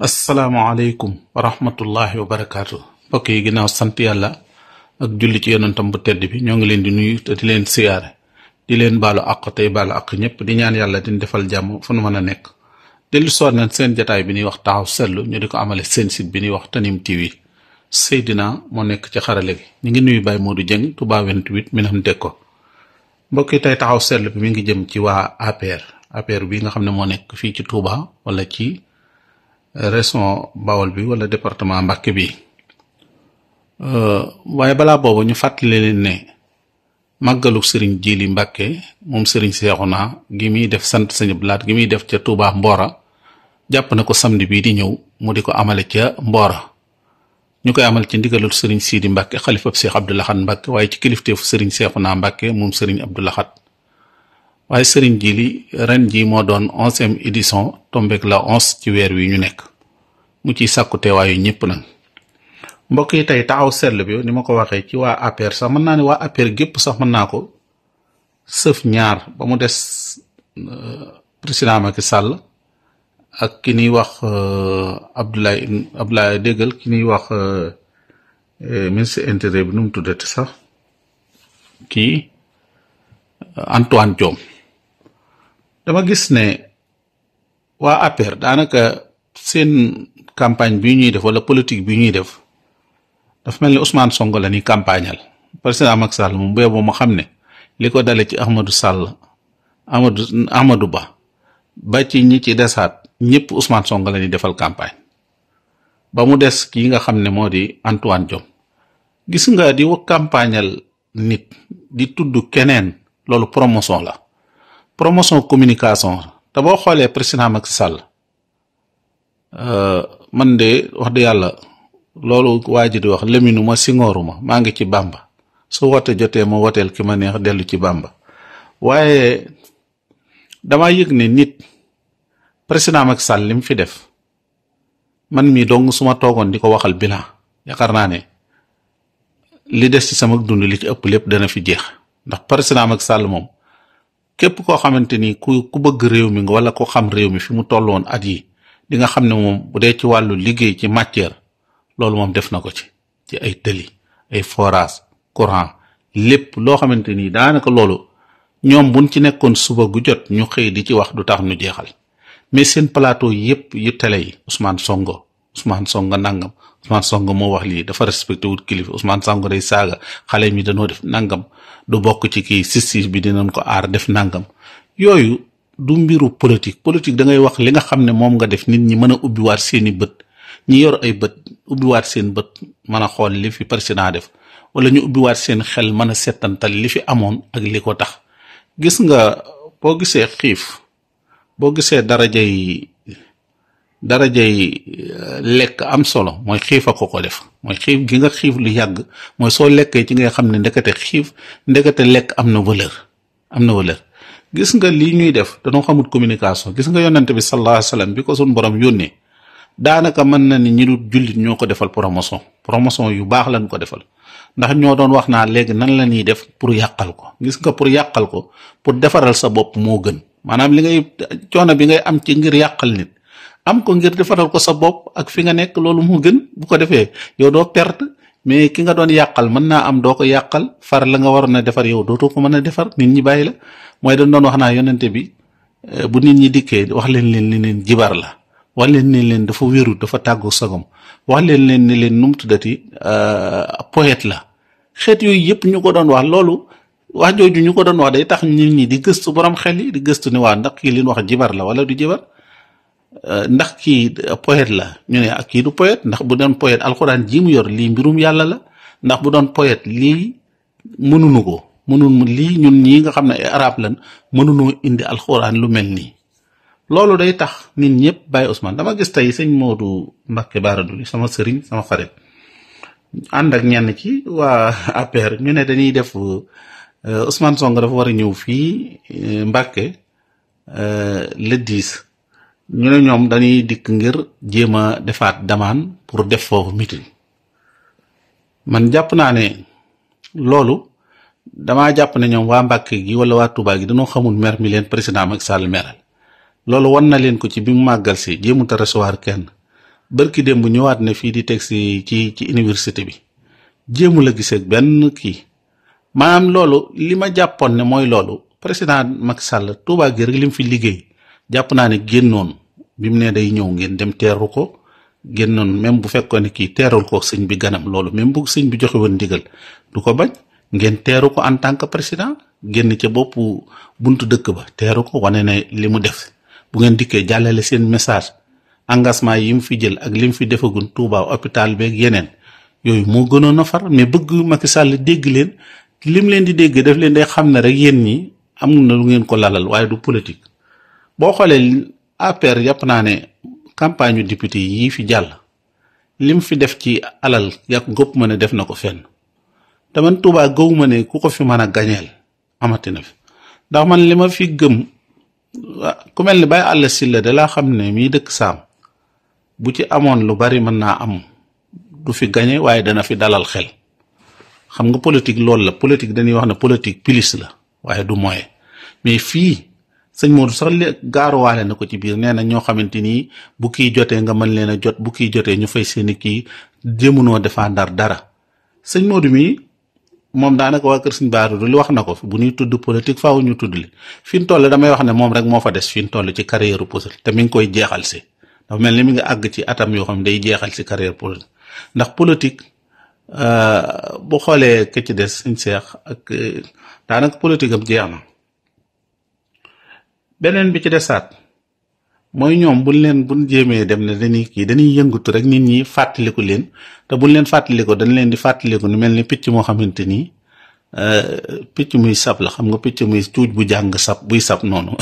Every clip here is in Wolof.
asalaamaaleykum wa rahmatullahi wa barakaatu mbokk yi ginnaaw sant yàlla ak julli ci yonentam bu tedd bi ñoo ngi leen di nuyu te di leen siyaare di leen baalu àq tey baalu àq ñëpp di ñaan yàlla di defal jàmm fu nu mën a nekk. dellu soor na seen jataay bi ñuy wax taxaw setlu ñu di ko amale seen site bi ñuy wax Tanime TV Seydina moo nekk ci xarale gi ñu ngi nuyu Baye Modou Dieng Touba 28 Minam Dekko mbokk yi tey taxaw seetlu bi mi ngi jëm ci waa APR APR bi nga xam ne moo nekk fii ci Touba wala ci. région Bawol bi wala département mbakke bi euh, waaye balaa boobu ñu fàttali leen ne màggalu sëriñ Jili Mbàkke moom sëriñ naa gi muy def sant Sëñ Abdu gi muy def ca Tuubaa Mboora jàpp na ko samdi bii di ñëw mu di ko amale ca Mboora ñu koy amal ci ndigalul sëriñ Siidi Mbàkke xalifab Seex Abdu Lahat Mbàkke waaye ci kilifteefu sëriñ Seexuna Mbàkke moom sëriñ Abdu Lahat waaye sëriñ ji li ren ji moo doon onzième édition tombeek la onze ci weer wi ñu nekk mu ciy sàkku teewaayu ñëpp nag mbokk yi tey taxaw seetlu bi ni ma ko waxee ci waa APR sax mën naa ne waa APR gépp sax mën naa ko sëf ñaar ba mu des euh, président Macky sàll ak ki ñuy wax euh, Abdoulaye Abdoulaye déggal ki ñuy wax euh, ministre intérieur bi nu mu tuddati sax kii Antoine Diome dama gis ne waa APR daanaka seen campagne bi ñuy def wala politique bi ñuy def dafa mel ni Ousmane Sonko la ñuy campagnal président Macky Sall mu bee ba ma xam ne li ko dale ci Ahmadou Sall Amadou Amadou Ba ba ci ñi ci desaat ñëpp Ousmane Sonko la ñuy defal campagne ba mu des ki nga xam ne moo di Antoine jom gis nga di wa campagnal nit di tudd keneen loolu promotion la promotion communication te boo xoolee président Macky Sall euh, man de wax dëgg yàlla loolu waa ji di wax leminu ma singooru ma maa ngi ci Bamba su wotee jotee ma woteel ki ma neex dellu ci bàmba waaye dama yëg ne nit président Macky Sall li mu fi def man mii dong su ma toogoon di ko waxal bilan yaakaar naa ne li des ci sama dund li ci ëpp lépp dana fi jeex ndax président Macky Sall moom. képp koo xamante ni ku ku bëgg réew mi nga wala ko xam réew mi fi mu toll woon at yi di nga xam ne moom bu dee ci wàllu liggéey ci matière loolu moom def na ko ci ci ay tëli ay forage courant lépp loo xamante ni daanaka loolu ñoom buñ ci nekkoon suba gu jot ñu xëy di ci wax du tax nu jeexal mais seen plateau yépp yu télé yi Ousmane Sonko Ousmane Sonko nangam Ousmane Sonko moo wax lii dafa respecté wut kilifa Ousmane Sonko day saaga xale mi dañoo def nangam du bokk ci kii justice bi dinañ ko aar def nangam yooyu du mbiru politique politique da ngay wax li nga xam ne moom nga def nit ñi mën a ubbiwaat seeni bët ñi yor ay bët ubbiwaat seen bët mën a xool li fi président def wala ñu ubbiwaat seen xel mën a settantal li fi amoon ak li ko tax gis nga boo gisee xiif boo gisee darajay darajay euh, lekk am solo mooy xiif a ko ko def mooy xiif gi nga xiif lu yàgg mooy soo lekkee ci ngay xam ne ndekete xiif ndekete lekk am na valeur am na valeur gis nga lii ñuy def dañoo xamut communication gis nga yonante bi sallallahu alayhi wasallam bi ko suñ borom yónnee daanaka mën na ni ñi jullit ñoo ko defal promotion promotion yu baax lañ ko defal ndax ñoo doon wax naa léegi nan la ñuy def pour yàqal ko gis nga pour yàqal ko pour defaral sa bopp moo gën maanaam li ngay coono bi ngay am ci ngir yàqal nit am ko ngir defaral ko sa bopp ak fi nga nekk loolu mu gën bu ko defee yow doo perte mais ki nga doon yàqal mën naa am doo ko yàqal far la nga waroon a defar yow dootoo ko mën a defar nit ñi bàyyi la mooy dañ doon wax naa yonente bi eh, bu nit ñi dikkee wax leen leen ni leen la wax leen ni leen dafa wéru dafa tàggu sagom wax leen leen ni leen num tuddati eh, poète la xeet yooyu yëpp ñu ko doon wax loolu wax jooju ñu ko doon wax day tax nit ñi di gëstu borom xel yi di gëstu ni waa ndax kii leen wax jibar la wala du jibar Euh, ndax kii euh, poète la ñu ne ak ah, kii du poète ndax bu doon poète alxuraan jii mu yor lii mbirum yàlla la ndax bu doon poète lii mënuñu ko mënuñu lii ñun ñii nga xam ne ay arab lan mënuñoo indi alxuraan lu mel nii. loolu day tax nit ñëpp bàyyi Ousmane dama gis tey sëñ Modou Mbacke Bara Dolly sama sëriñ sama xarit ànd ak ñenn ci waa APR ñu ne dañuy def euh, Ousmane Sonko dafa war a ñëw fii Mbacke le diis ñu ne ñoom dañuy dikk ngir jéem a defaat damaan pour def foofu meeting man jàpp naa ne loolu damaa jàpp ne ñoom waa Mbàkke gi wala waa Touba gi dañoo xamul mer mi leen président Macky Sall meral loolu wan na leen ko ci bi mu màggal si jéemut a recevoir kenn bërki démb ñëwaat na fii di teg si ci ci université bi jéemu la gisee benn kii maanaam loolu li ma jàppoon ne mooy loolu président Macky Sall Touba gi rek li mu fi liggéey jàpp naa ne génnoon bi mu ne day ñëw ngeen dem teeru ko génnoon même bu fekkoon ne kii teerul ko sëñ bi ganam loolu même bugg sëñ bi joxe woon ndigal du ko bañ ngeen teeru ko en tant que président génn ca boppu buntu dëkk ba teeru ko wane ne li mu def bu ngeen dikkee jàllale seen message engagement yi mu fi jël ak li mu fi defagun Touba hôpital beeg yeneen yooyu moo gënoon a far mais bëgg Macky Sall dégg leen li mu leen di dégg def leen day xam ne rek yéen ñi am na lu ngeen ko lalal waaye du politique APR yàpp naa ne campagne yu député yii fi jàll lim fi def ci alal yàq gópp ma ne def na ko fenn te man Touba gëw ma ne ku ko fi mën a gañeel amati na fi ndax man li ma fi gëm ah, ku mel ni Baye Alla Sylla da laa xam ne mii dëkk saam bu ci amoon lu bari mën naa am du fi gañe waaye dana fi dalal xel xam nga politique loolu la politique dañuy wax ne politique pilis la waaye du moyen mais fii sëñ Modou sax lé gaaruwaale na ko ci biir nee na ñoo xamante ni bu kii jotee nga mën leen a jot bu kii jotee ñu fay seeni kii jéemunoo défendre dara sëñ moodu mi moom daanaka waa kër sëñ Baara li wax na ko bu ñuy tudd politique faaw ñu tudd li fi mu toll damay wax ne moom moo fa des fi mu toll ci carrière politique te mi ngi koy jeexal si dafa mel ni mi ngi àgg ci atam yoo xam ne day jeexal si carrière politique ndax politique euh, bu xoolee ke ci des sëñ Seex ak euh, daanaka politique am jeex na. beneen bi ci desaat mooy ñoom buñ leen buñ jéemee dem ne dañuy kii dañuy yëngatu rek nit ñi fàttaliku leen te buñ leen fàttaliku dañ leen di fàttaliku nu mel ni picc moo xamante ni euh, picc muy sab la nga picc muy cuuj bu jàng sab buy sab noonu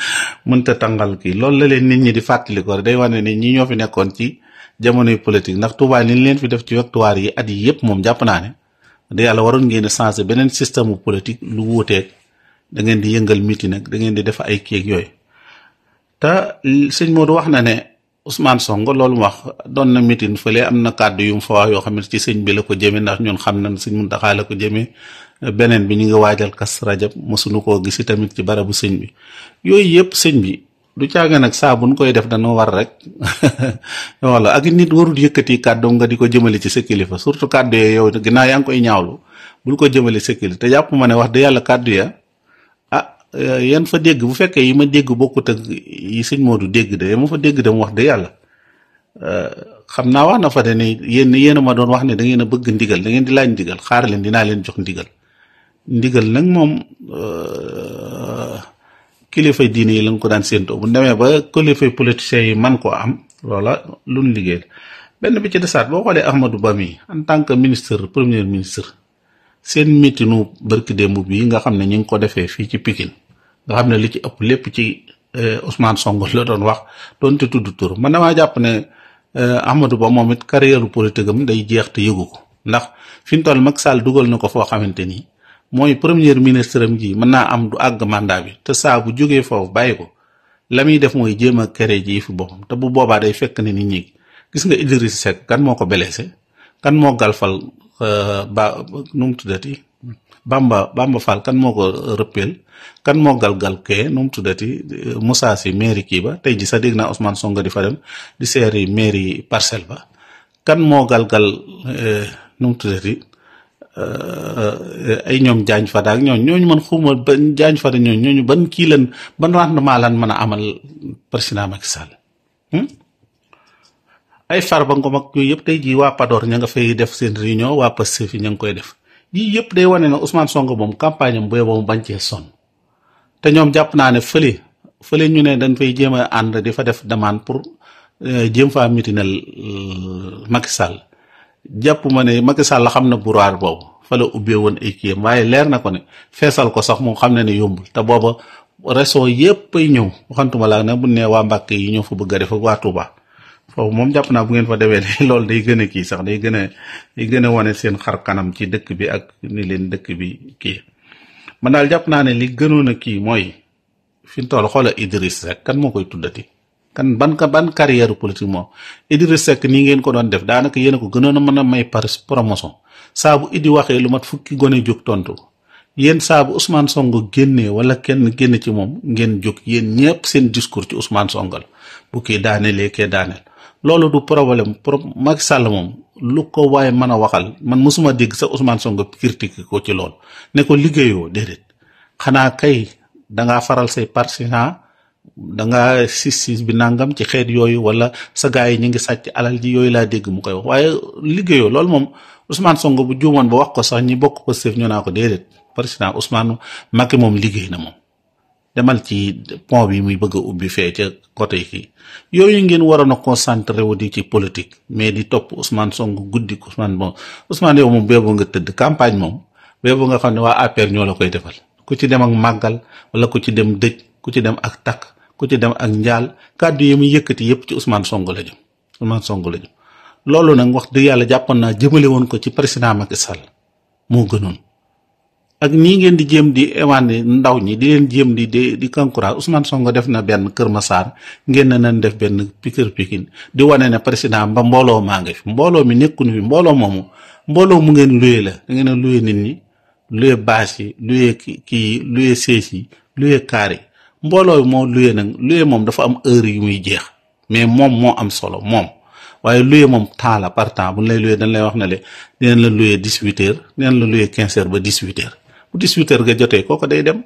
mënta tàngal kii loolu la leen nit ñi di fàttaliku day wane ni ñi ñoo fi nekkoon ci jamonoy politique ndax Touba li ñu leen fi def ci victoire yi at yi yëpp moom jàpp naa ne da yàlla waroon ngeen a changé beneen système politique lu wuuteeg da ngeen di yëngal miti nag da ngeen di def ay kéeg yooyu te sëñ Modou wax na ne Ousmane song loolu wax doon na mitin fële am na kàddu yu mu fa wax yoo xam ne ci sëñ bi la ko jëmee ndax ñun xam nañ sëñ Mountakha la ko jëmee beneen bi ñu ngi waajal kas rajab mosuñu koo gisi tamit ci barabu sëñ bi yooyu yëpp sëñ bi du caaga nag saa bu buñ koy def dañoo war rek walla ak nit warul yëkkati kàddoom nga di ko jëmale ci sa kilifa surtout kàddu ya yow ginnaaw yaa ngi koy ñaawlu bul ko jëmale sa kilifa jàpp ma ne wax dëgg yàlla kàddu ya Euh, yan fa dégg bu fekkee yi ma dégg bokkut ak yi sëñ Modou dégg de ma fa dégg de mu wax de yàlla euh, xam naa wax na fa de ne yéen yéen a ma doon wax ne da ngeen a bëgg ndigal dangeen di laaj ndigal xaar leen dinaa leen jox ndigal ndigal nag moom euh, kilifay diine yi lañ ko daan séentoo bu demee ba kilifay politiciens yi man koo am loola luñ liggéey benn bi ci desaat boo xoolee Ahmadou Ba mi en tant que ministre premier ministre seen mitinu barki démb bii nga xam ne ñu ngi ko defee fii ci Pikine nga xam ne li ci ëpp lépp ci eh, Ousmane Sonko la doon wax doonte tudd tur man damaa jàpp ne eh, amatu Ba moom it carrière politique am day jeex te yëgu ko ndax fi mu toll Macky Sall dugal na ko foo xamante ni mooy premier ministre am ji mën naa am du àgg mandat bi te saa bu jógee foofu bàyyi ko la muy def mooy jéem a créer ji fi boppam te bu boobaa day fekk ne nit ñi gis nga Idriss Seck kan moo ko blessé kan moo galfal eh, ba nu mu tuddati Bamba Bamba Fall kan moo ko rëppeel kan moo gal kee nu mu tuddati Moussa si mairie kii ba tey ji sax dégg naa Ousmane nga di fa dem di seeri mairie parcelle ba kan moo gal eh, nu mu tuddati eh, ay ñoom jaañ fada ak ñooñu ñooñu man xuma ba jaañ fada ñooñu ñooñu ban kii lan ban rendement lan mën a amal président Macky Sall hmm? ay Farba Ngom ak yooyu yëpp tey jii waa Pador ña nga fay def seen réunion waa Pastef yi ña ngi koy def yii yëpp day wane na Ousmane Sonko moom campagne am bu yeboo mu bañ cee sonn te ñoom jàpp naa ne fële fële ñu ne dañ fay jéem a ànd di fa def demande pour euh, jéem faa mitinal euh, Macky Sall jàpp ma ne Macky Sall la xam na buraar boobu fa la ubbee woon ay waaye leer na ko ne feesal ko sax moom xam ne ne yombul te booba régions yëpp ay ñëw waxantuma laa ne bu nee waa mbakk yi ñoo fa bëgg a def ak waa Touba foofu moom jàpp naa bu ngeen fa demee ne loolu day gën kii sax day gën a day gën a wane seen xar kanam ci dëkk bi ak ni leen dëkk bi kii man daal jàpp naa ne li gënoon a kii mooy fi mu toll xoola Idriss rek kan moo koy tuddati kan ban ka ban carrière politique moom Idriss Seck nii ngeen ko doon def daanaka yéen a ko gënoon a mën a may par promotion saa bu Idi waxee lu mat fukki gone jóg tontu yéen saabu bu Ousmane Sonko génnee wala kenn génn ci moom ngeen jóg yéen ñëpp seen discours ci Ousmane Sonko la kii daanelee kee daaneel loolu du problème pro mag Sall moom lu ko waaye mën a waxal man mosuma dégg sa Ousmane Sonko critique ko ci lool ne ko liggéeyoo déedéet xanaa kay dangaa faral say partisan danga sis sis bi nangam ci xeet yooyu wala sa gaa yi ñu ngi sàcc alal ji yooyu laa dégg mu koy wax waaye liggéeyoo loolu moom Ousmane Sonko bu juumoon ba wax ko sax ñi bokk ko sëf ñu naa ko déedéet président Ousmane Macky moom liggéey na moom demal ci pont bi muy bëgg a ubbi fee ca côté kii yooyu ngeen waroon a concentré wu di ci politique mais di topp Ousmane Sonko guddi Ousmane moom Ousmane yow moom boobu nga tëdd campagne moom boobu nga xam ne waa APR ñoo la koy defal ku ci dem ak màggal wala ku ci dem dëj ku ci dem ak takk ku ci dem ak njaal kàddu yi muy yëkkati yëpp ci Ousmane songu la jëm Ousmane Sonko la jëm loolu nag wax dëgg yàlla jàppoon naa jëmale woon ko ci président Macky Sall moo gënoon. ak nii ngeen di jéem di éwané ndaw ñi di leen jéem di di di kankuraan Ousmane Sonko def na benn Kër Massar ngeen ne nañ def benn Pikine Pikine di wane ne président ba mbooloo maa ngi fi mbooloo mi nekkuñu fi mbooloo moomu mbooloo mu ngeen luye la da ngeen a luye nit ñi luye bâche yi luye kii yi luye sées yi luye kaar mbooloo moo luye nag luye moom dafa am heure yu muy jeex mais moom moo am solo moom waaye luye moom temps la par temps bu ñu lay luye dañ lay wax ne le dinañ la luye dix huit heures la luye quinze ba dix huit bu 18 nga jotee kooko day dem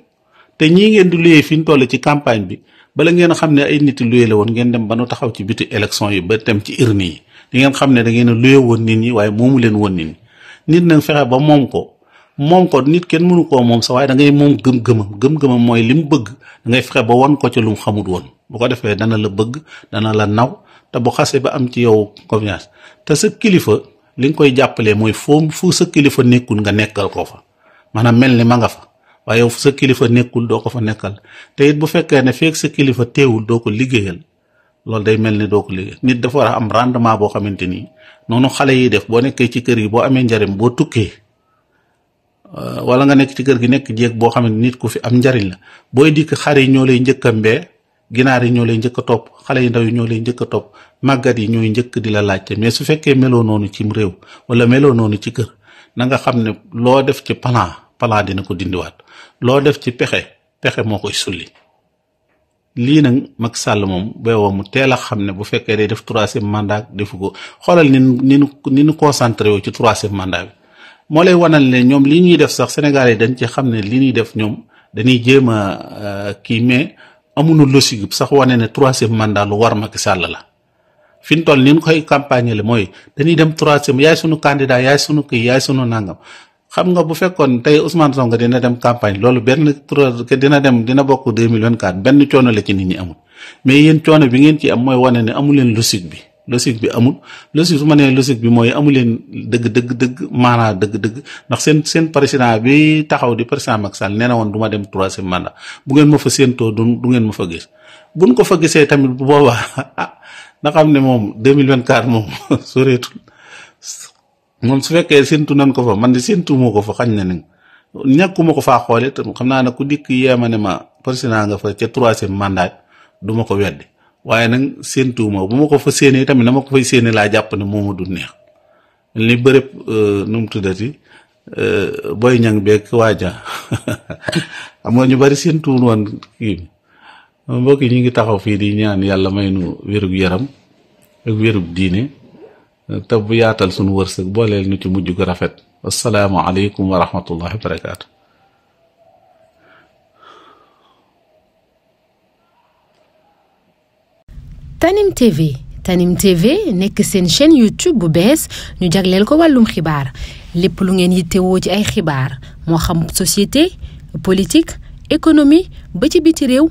te ñii ngeen di luyee fi ñu toll ci campagne bi bala ngeen a xam ne ay nit yu la woon ngeen dem ba nu taxaw ci biti élection yi ba dem ci urne yi di ngeen xam ne da ngeen a luyee woon nit ñi waaye moomu leen woon nit ñi nit nag fexe ba moom ko moom nit kenn mënu koo moom sa waaye da ngay moom gëm-gëmam gëm-gëmam mooy li mu bëgg da ngay fexe ba won ko ci lu mu xamut woon bu ko defee dana la bëgg dana la naw te bu xasee ba am ci yow confiance te sa kilifa li nga koy jàppalee mooy foo fu sa kilifa nekkul nga nekkal ko fa maanaam mel ni manga fa waaye yow sa kilifa nekkul doo ko fa nekkal te it bu fekkee ne feeg sa kilifa teewul doo ko liggéeyal loolu day mel ni doo ko liggéeyal nit dafa war a am rendement boo xamante ni noonu xale yi def boo nekkee ci kër yi boo amee njariñ boo tukkee euh, wala nga nekk ci kër gi nekk jéeg boo xam ne nit ku fi am njariñ la booy dikk xar yi ñoo lay njëkk a ginaar yi ñoo lay njëkk topp xale yi ndaw yi ñoo lay njëkk a topp màggat yi ñooy njëkk di la laajte mais su fekkee meloo noonu cim réew wala meloo noonu ci kër na nga xam ne loo def ci plan plan dina ko dindiwaat loo def ci pexe pexe moo koy sulli lii nag mag sàll moom woo mu teel a xam ne bu fekkee day def troisième mandat defu ko xoolal ni ni nu ni nu concentré wu ci troisième mandat bi moo lay wanal ne ñoom li ñuy def sax Sénégalais dañ ci xam ne li ñuy def ñoom dañuy jéem a euh, kii mais amuñu logique sax wane ne troisième mandat lu war Macky sàll la. fi ñu toll koy campagne le mooy dañuy dem troisième yaay sunu candidat yaay sunu kii yaay sunu nangam xam nga bu fekkoon tey Ousmane Sonko dina dem campagne loolu benn trois dina dem dina bokk deux mille vingt quatre benn coono la ci nit ñi amul mais yéen coono bi ngeen ci am mooy wane ne amu leen logique bi logique bi amul logique su ma nee logique bi mooy amu leen dëgg dëgg dëgg maanaa dëgg dëgg ndax seen seen président bi taxaw di président Macky Sall nee na woon du ma dem troisième mandat bu ngeen ma fa séentoo du ngeen ma fa gis na xam ne moom 2024 moom soreetul moom su fekkee séntu nan ko fa man di séntu moo ko fa xañ na ñàkkuma ko faa xoole te xam naa ne ku dikk yeema ne ma naa nga fa ca troisième mandat duma ko weddi waaye nag séntuwuma bu ma ko fa séenee tamit na ma ko fay séenee laa jàpp ne moo ma du neex li bërëb euh, nu mu tuddati euh, boy ñang beeg waaja am nga ñu bari séntuwul woon kii mbokk yi ñu ngi taxaw fii di ñaan yàlla may nu wérug yaram ak wérug diine te bu yaatal sunu wërsëg booleel nu ci mujj gu rafet asalaamaaleykum wa rahmatullahi wa barakaatu. nekk seen chaîne YouTube bu bees ñu jagleel ko wàllum xibaar lépp lu ngeen yittewoo ci ay xibaar moo xam société politique économie ba ci biti réew.